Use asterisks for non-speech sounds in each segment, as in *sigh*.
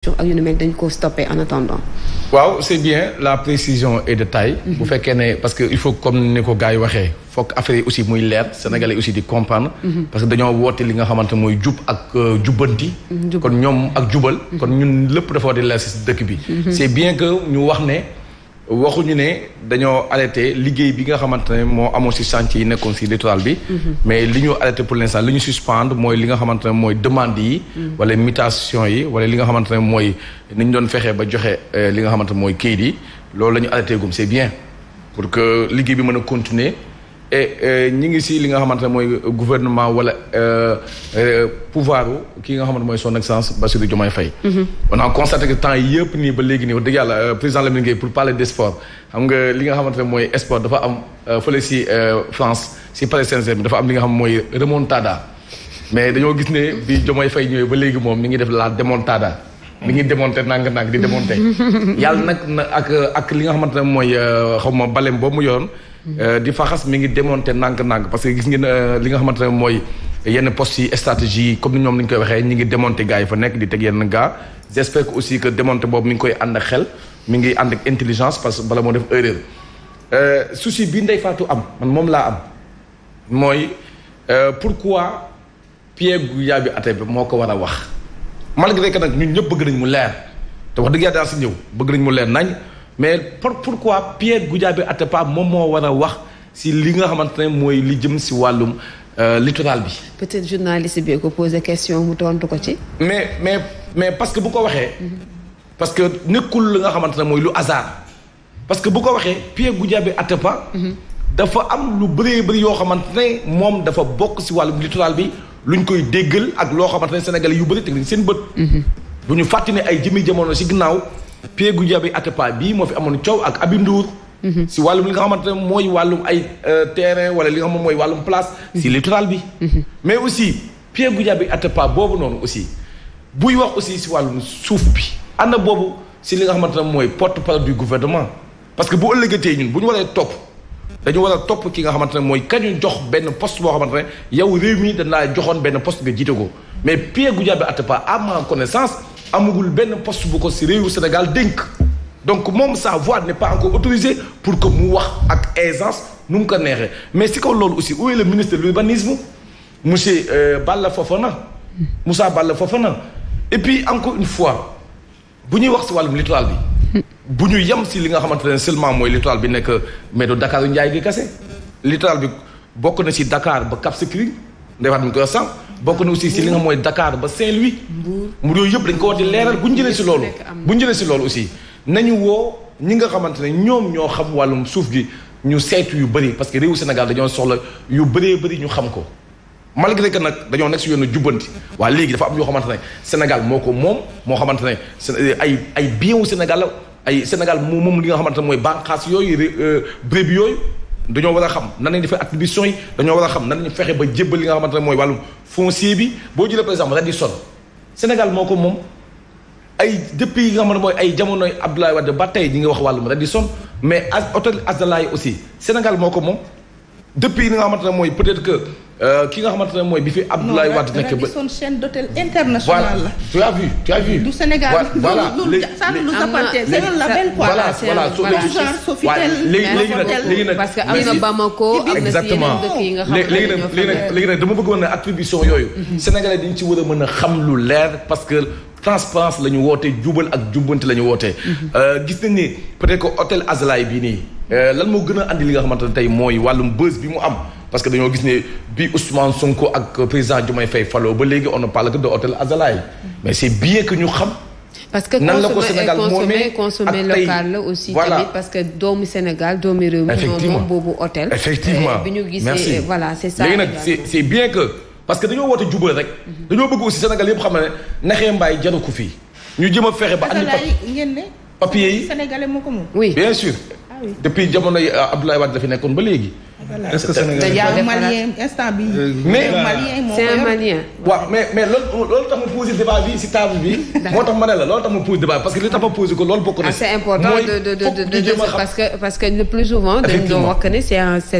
ak yu ni mel dañ ko stoppé en attendant. waaw c'est bien la précision est de taille. Mhm. bu fekkee ne parce que il faut comme ni ko gars waxee foog affaire yi aussi muy leer sénégalais aussi di comprendre. Mhm. parce que dañoo woote li nga xamante mooy jub ak euh, jubbanti. Mhm, kon ñoom ak jubal. kon ñun lépp dafa di leer si dëkk bi. c'est bien que ñu wax ne. waxuñu ne dañoo arrêté liggéey bi nga xamante ne moo amoon si chantier yi nekkoon ci littoral bi. Mhm. mais li ñu arrêté pour l'instant li ñu suspendre mooy li nga xamante ne mooy demande yi. Mhm. wala mutation yi wala li nga xamante ne mooy ni ñu doon fexee ba joxe euh, li nga xamante mooy kayit yi loolu la ñu arrêté gum c'est bien pour que liggéey bi mën a continuer. et euh, ñi ngi si li nga xamante ne mooy gouvernement wala euh, euh, pouvoir kii nga xamante mooy son excellence Bassirou Diomaye Faye mhm. on a constaté que temps yëpp nii ba léegi nii wax dëgg yàlla président Lamine Gueye pour parler des sports xam nga li nga xamante ne mooy sport dafa am fële si France si Paris Saint-Germain dafa am li nga xam mooy remontada mais dañoo gis ne bi Diomaye Faye ñëwee ba léegi moom mi ngi def la démontada mi ngi démonté nang-nang di démonté *laughs* yàlla nag na ak ak li nga xamante ne mooy euh, xaw ma balem boobu mu yoroon mm-hmm. euh, di faxas mi ngi démonté nang-nang parce que gis ngeen euh, li nga xamante ne mooy yenn postes yi comme ñoom ni ñu koy waxee ñi ngi démonté gars yi fa nekk di teg yenn gars j'espère que aussi que démonté boobu mi ngi koy ànd ak xel mi ngi ànd ak intelligence parce que bala moo def erreur souci bi Ndeye Fatou am man moom laa am mooy pourquoi Pierre Goudiaby bi moo ko war a wax malgré que nag ñun ñëpp bëgg nañ mu leer te wax dëgg yàlla daa si ñëw bëgg nañ mu leer nañ mais pour pourquoi Pierre Goudiaby Atepa moom moo war a wax si li nga xamante ne mooy li jëm si wàllum euh, littoral bi. peut-être journaliste bi ko posé question mu tontu ko ci. mais mais mais parce que bu ko waxee. parce que nekkul li nga xamante ne mooy lu hasard. parce que bu ko waxee Pierre Goudiaby Atepa. Mhm. dafa am lu bëree bëri yoo xamante ne moom dafa bokk si wàllum littoral bi. lu luñ koy déggal ak loo xamante ne sénégalais yu bëri teg nañ seen bët. bu ñu fàttali ne ay jëmi jamono si ginnaaw Pierre Goudiaby Atepa bii moo fi amoon coow ak Aby Ndour si wàllum li nga xamante ne mooy wàllum ay euh, terrain wala li nga xam mooy wàllum place. si littoral bi. mais aussi Pierre Goudiaby Atepa boobu noonu aussi buy wax aussi si wàllum suuf bi. ana boobu si li nga xamante ne mooy porte-parole du gouvernement parce que bu ëllëgatee ñun bu ñu waree topp. dañu war topp ki nga xamante ne mooy kañu jox benn post boo xamante ne yow réew mi dañ laa joxoon benn post nga jiite ko mais Pierre Goudiaby Atepa a ma connaissance amagul benn post bu ko si réewu Sénégal dénk donc moom sa voix n'est pas encore autorisée pour que mu wax ak aisance nu mu ko neexee mais si kaw loolu aussi où est le ministre de l'urbanisme monsieur euh, Balla Fofana Moussa Balla na et puis encore une fois bu ñuy wax si wàllum littoral bi bu ñu yem si li nga xamante ne seulement mooy littoral bi nekk mais du Dakar Njaay gi kese littoral bi bokk na si dakaar ba Cap Skirring ndey waat mi koy sànq bokk na aussi si li nga xam mooy Dakar ba Saint-Louis mu yooyu yëpp dañ ko war di leeral bu ñu jëlee si loolu bu ñu jëlee si loolu aussi nañu woo ñi nga xamante ne ñoom ñoo xam wàllum suuf gi ñu saytu yu bëri parce que réewu Sénégal dañoo soxla yu bëree bëri ñu xam ko malgré que nag dañoo nekk si yoonu jubbanti waa léegi dafa am yoo xamante ne Sénégal moo ko moom moo xamante ne ay ay bien wu Sénégal ay Sénégal moom moom li nga xamante ne mooy bànqaas yooyu euh, bërëb yooyu dañoo war a xam nan lañu defee attribution yi dañoo war a xam nan lañu fexe ba jébbal li nga xamante ne mooy wàllum foncier bi boo jëlee par exemple son Sénégal moo ko moom ay dëpp yi nga xam ne mooy ay jamonoy Abdoulaye Wade ba tey ñi ngi wax wàllum son mais hôtel Azalaï aussi Sénégal moo ko moom dëpp yi li nga xamante ne mooy peut-être que Euh, ki nga xamante ne mooy bi fi Abdoulaye Wade nekk ba Radisson chaîne d'hôtel international la. tu as vu tu as vu. du Sénégal voilà léegi voilà léegi parce que am na Bamako am na si dama bëggoon ne attribution yooyu. di mhm. dañ ci war a mën a xam lu leer parce que. transparence la ñu wootee jubal ak jubbante la ñu wootee mhm. euh, gis nañ ni peut-être que hôtel Azalaï bii nii euh, lan moo gën a andi li nga xamante ne tey mooy wàllum bës bi mu am parce que dañoo gis ne bi Ousmane Sonko ak président Diomaye Faye falo ba léegi on ne parle que de hôtel Azalaï mais c'est bien que ñu xam. parce que nan la ko Sénégal moomee consommer local la aussi tamit parce que doomu Sénégal doomu réew mi ñoo moom boobu hôtel eh, eh, que parce que dañoo woote jubal rek mhm. dañoo bëgg aussi Sénégal yëpp xam ne naxee ko fii ñu jëm a fexe ba andi papier yi sénégalais moo ko moom oui bien sûr ah depuis jamonoy euh, Abdoulaye Wade la fi nekkoon ba léegi est ce que Sénégal te malien instant euh, mais malien ma posé débat bi si table bi. moo tax ma ne la loolu posé débat parce ko bokk na. Ah, c'est important que parce que le plus souvent. dañ doon wax ne c'est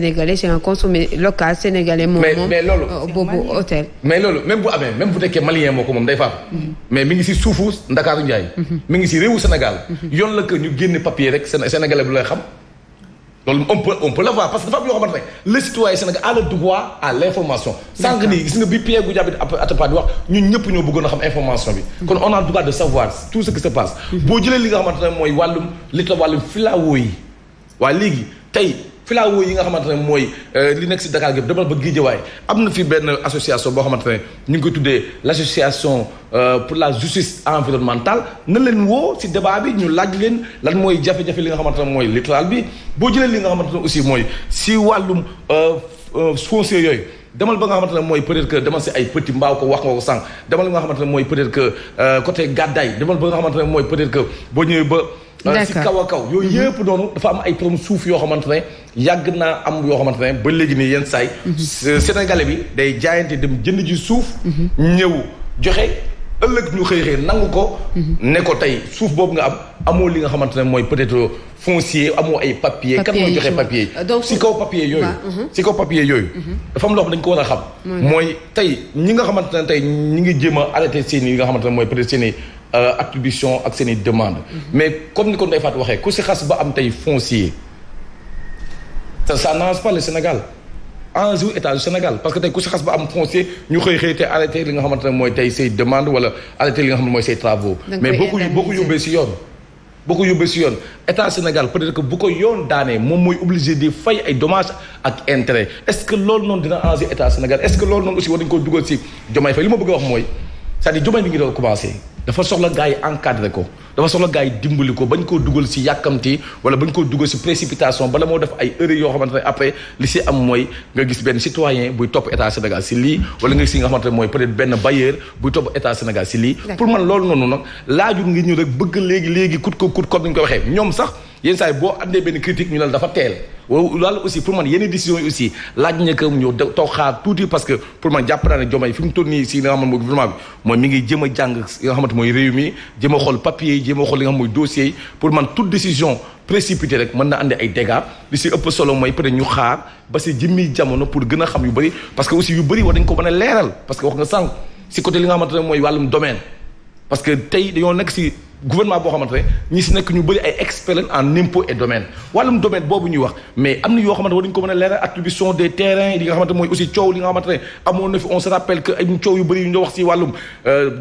mais loolu. Euh, boobu hôtel. mais loolu même bu amee même bu nekkee malien moo ko moom day faaf. Mhm. mais mi ngi si suufu Ndakaaru Ndiaye. Mhm. mi ngi si réewu Sénégal. Mhm. yoon la que ñu génne papier rek Sénégalais bu lay xam. loolu om peut on peut le voir parce que dafa am yoo xamante ne le citoyen Sénégal a le droit à l' information. sànq nii gis nga bi Pierre Goudiaby Atepa wax ñun ñëpp ñoo bëggoon a xam information bi. Hmm. kon on a le de savoir tout ce qui se passe. Hmm. boo jëlee li nga xamante ne mooy wàllum li wàllum filao yi. léegi tey filao yi nga xamante ne mooy euh, li nekk si Dakar gépp demal ba Guédiawaye am na fi benn association boo xamante ne ñu ngi koy tuddee l' association euh, pour la justice environnementale na leen woo si débat bi ñu laaj leen lan mooy jafe li nga xamante ne mooy littoral bi boo jëlee li nga xamante ne aussi mooy si wàllum euh, foncier yooyu demal ba nga xamante ne mooy peut-être que demal si ay petit mbaaw ko wax nga ko sànq demal ba nga xamante ne mooy peut-être que côté gàddaay demal ba nga xamante ne mooy peut-être que boo ñëwee ba si kaw a kaw yooyu yëpp noonu dafa am ay problème suuf yoo xamante ne yàgg naa am yoo xamante ne ba léegi nii yenn saay mhm. sénégale bi day jaayante dem jënd ji suuf mhm. ñëw joxe ëllëg ñu xëy xëy nangu ko mhm. ne ko tey suuf boobu nga am amoo li nga xamante ne mooy peut-être foncier amoo ay papier kan mooy joxe papier yi si kaw papier yooyu si kaw papier yooyu dafa am loo xam dañ ko war a xam mooy tey ñi nga xamante ne tey ñi ngi jéem a arrêté seen yi nga xamante ne mooy peut-être seen Euh, attribution ak seen demande mhm. mais comme ni ko Ndeye Fatou waxee ku si xas ba am tey foncier ça ça n'arrange pas le Sénégal enjeu état du Sénégal parce que tey ku si xas ba am foncier ñu xëy xëy te arrêté li nga xamante ne mooy tey say demande wala arrêté li nga xam ne mooy say travaux mais boo ko boo ko yóbbee si yoon boo ko yóbbee si yoon état Sénégal peut-être que ko yoon daanee moom mooy obligé di fay ay dommages ak intérêt est-ce que loolu noonu dina enjeu état Sénégal est-ce que loolu noonu aussi war nañu a wax mooy cest dafa soxla gars yi encadré ko dafa soxla gars yi dimbali ko bañ koo dugal si yàkkamti wala bañ koo dugal si précipitation bala moo def ay erreur yoo xamante ne après li si am mooy nga gis benn citoyen buy topp état Sénégal si lii wala nga gis nga xamante ne mooy peut-être benn bailleur buy topp état Sénégal si lii pour man loolu noonu nag laajul ngi ñu rek bëgg léegi léegi kut ko kut comme ni ñu ko waxee ñoom sax yenn saa yi boo andee benn critique ñu ne dafa teel loolu aussi pour man yenn décision yi aussi laaj na que ñu toog xaar tuuti parce que pour man jàpp naa ne Diomaye fi mu toll nii si li nga xamante mooy gouvernement bi mooy a jàng li nga xamante mooy réew mi na andi ay dégâts si ëpp solo mooy peut-être ñu xaar ba si jëmmi jamono pour gën a xam yu bëri parce que aussi yu bëri war nañ ko mën a leeral parce que wax nga sànq si côté li nga xamante mooy wàllum domaine parce que tey dañoo nekk si gouvernement boo xamante ne si nekk ñu bëri ay experts en impôts et domaine wàllum domaine boobu ñuy wax mais am na yoo xamante war nañu ko mën a leeral attribution des terrains li nga xamante mooy aussi coow li nga xamante amoon na fi on se rappelle que ay coow yu euh,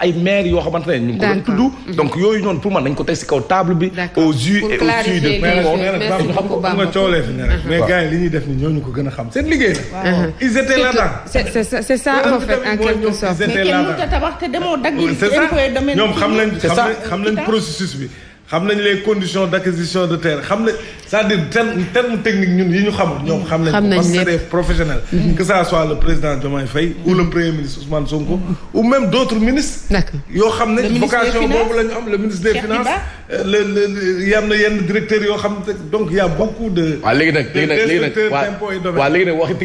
ay maires yoo xamante ñu ko doon tudd donc yooyu noonu pour man nañ ko teg si kaw table bi aux yeux et aux yeux mmh. mais gars yi li ñuy def ni ñooñu ko gën a xam seen liggéey la ils sax xam nañ processus bi xam nañ les conditions d'acquisition de terre xam nañ c'est-à-dire terme terme technique yi ñu xamul. ñoom xam nañ ko parce que des professionnels. Mm-hmm. que ça soit le président Diomaye Faye. ou le premier ministre Ousmane Sonko. Mm-hmm. ou même d'autres ministres. yoo xam ne vocation boobu la ñu am le ministre des finances. Euh, le le yam na yenn directeurs yoo xam ne donc y a beaucoup de. waaw léegi nag léegi nag léegi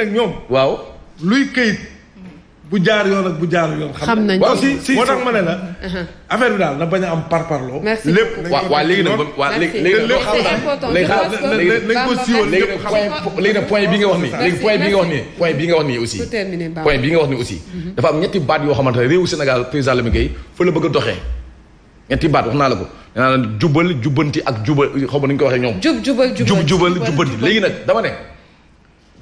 nag waaw waaw léegi bu jaar yoon ak bu jaar yoon. xam nañ waaw si si moo tax ma ne la. Uh-huh. affaire bi daal na bañ a am parparloo. merci lépp waaw waaw léegi nag waaw léegi léegi loo xam ne léegi xam nañ ko siiwal léegi nag léegi nag point bi nga wax nii léegi point bi nga wax nii point bi nga wax nii aussi point bi nga wax nii aussi mm-hmm. dafa am ñetti baat yoo xamante ne réewu Sénégal président Lamine Gueye fa la bëgg a doxee ñetti baat wax naa la ko nee naa la jubal jubbanti ak jubal xaw ma nañu ko waxee ñoom jub jubal jubal jubbanti léegi nag dama ne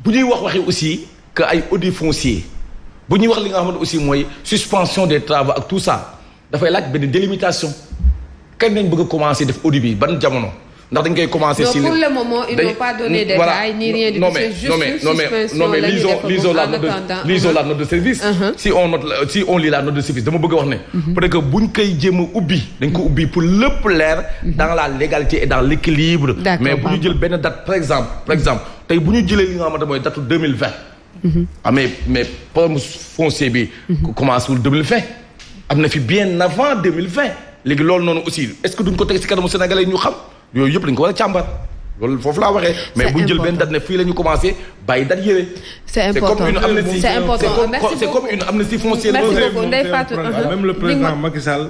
bu ñuy wax waxi aussi que ay audit foncier bu ñuy wax li nga xamante aussi mooy suspension des travaux ak tout ça dafay laaj benn délimitation kañ lañ bëgg a commencer def audit bi ban jamono ndax dañ koy commencer. si pour le moment ils de la ñuy def lisons lisons la note de service. Uh-huh. si on note si on de service dama bëgg a wax ne. Uh-huh. peut-être que buñ koy jéem ubbi. dañ ko ubbi pour lépp leer. Uh-huh. dans la légalité et dans l'équilibre. mais bu ñu jël benn date par exemple par exemple tey bu ñu jëlee li nga xamante mooy date Mm-hmm. ah mais mais problème foncier bi. commencé wul deux mille vingt. am na fi bien avant deux mille vingt. léegi loolu noonu aussi est-ce que duñ ko teg ci kanamu Sénégalais yi ñu xam yooyu yëpp dañ ko war a càmbar. loolu foofu laa waxee mais bu ñu jël benn date ne fii la ñu commencé bàyyi date yële. c'est important c'est important c'est comme une amnistie foncière. merci beaucoup Ndeye Fatou euh, même le président Macky Sall.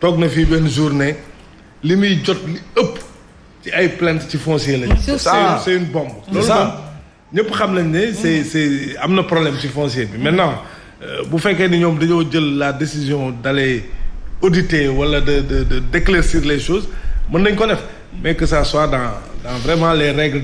toog na fii benn journée. li muy jot li ëpp ci ay plainte ci foncier lañu. c'est une bombe. loolu ñëpp xam nañ ne c'est c'est am na problème ci foncier bi maintenant euh, bu fekkee ni ñoom dañoo jël la décision d'aller auditer wala de de d'éclaircir les choses mën nañ ko def mais que ça soit dans dans vraiment les règles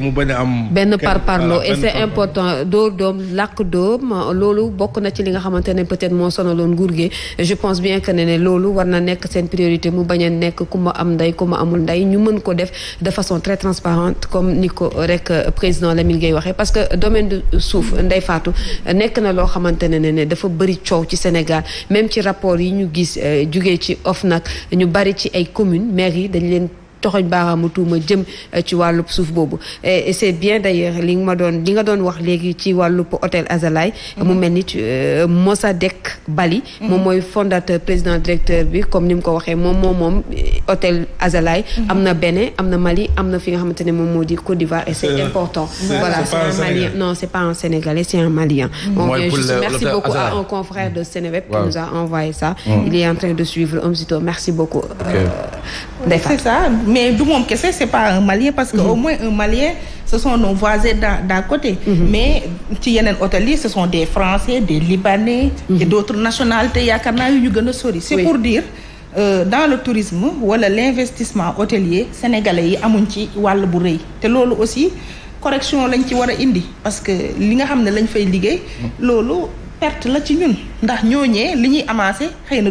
mu bañ a am. benn par parlo et c'est important dóor doom làkk doom loolu bokk na ci li nga xamante ne peut-être moo sonaloon nguur gi je pense bien que ne ne loolu war na nekk seen priorité mu bañ a nekk ku ma am ndey ku ma amul ndey ñu mën ko def de façon très transparente comme ni ko rek euh, président Lamine Gueye waxee parce que domaine suuf Ndeye faatu nekk na loo xamante ne ne dafa bëri coow ci Sénégal même ci rapport yi ñu gis euh, jugee ci OFNAC ñu bëri ci ay communes maires toxoñ baaraamu ma jëm eh, ci wàllu suuf boobu eh, et c'est bien d'ailleurs li nga ma doon li nga doon wax léegi ci wàllu wàllub hôtel Azalaï mm-hmm. mu mel ni euh, Mossadegh Bali mm-hmm. moom mooy fondateur président directeur bi comme ni mu ko waxee moom moom moom eh, hôtel Azalaï mm-hmm. am na Bénin am na Mali am na fi nga xamante ne moom moo di Côte d'Ivoire et c'est important voilà c'est un Malien non c'est pas un Sénégalais c'est un Malien merci beaucoup à un confrère de Seneweb qui nous a envoyé ça il de suivre Omzito merci beaucoup euh, mais du moom kese c'est pas un malien parce que mm-hmm. au moins un malien ce sont nos voisins d'à côté mm-hmm. mais ci yeneen hôtel yi ce sont des français des libanais et mm-hmm. d'autres nationalités yaakaar naa yu ñu gën a sori c'est pour dire euh, dans le tourisme wala l'investissement hôtelier sénégalais yi amuñ ci wàll bu rëy te loolu aussi correction lañ ci war a indi parce que li nga xam ne lañ fay liggéey loolu perte la ci ñun ndax ñooñee li ñuy amassé xëy na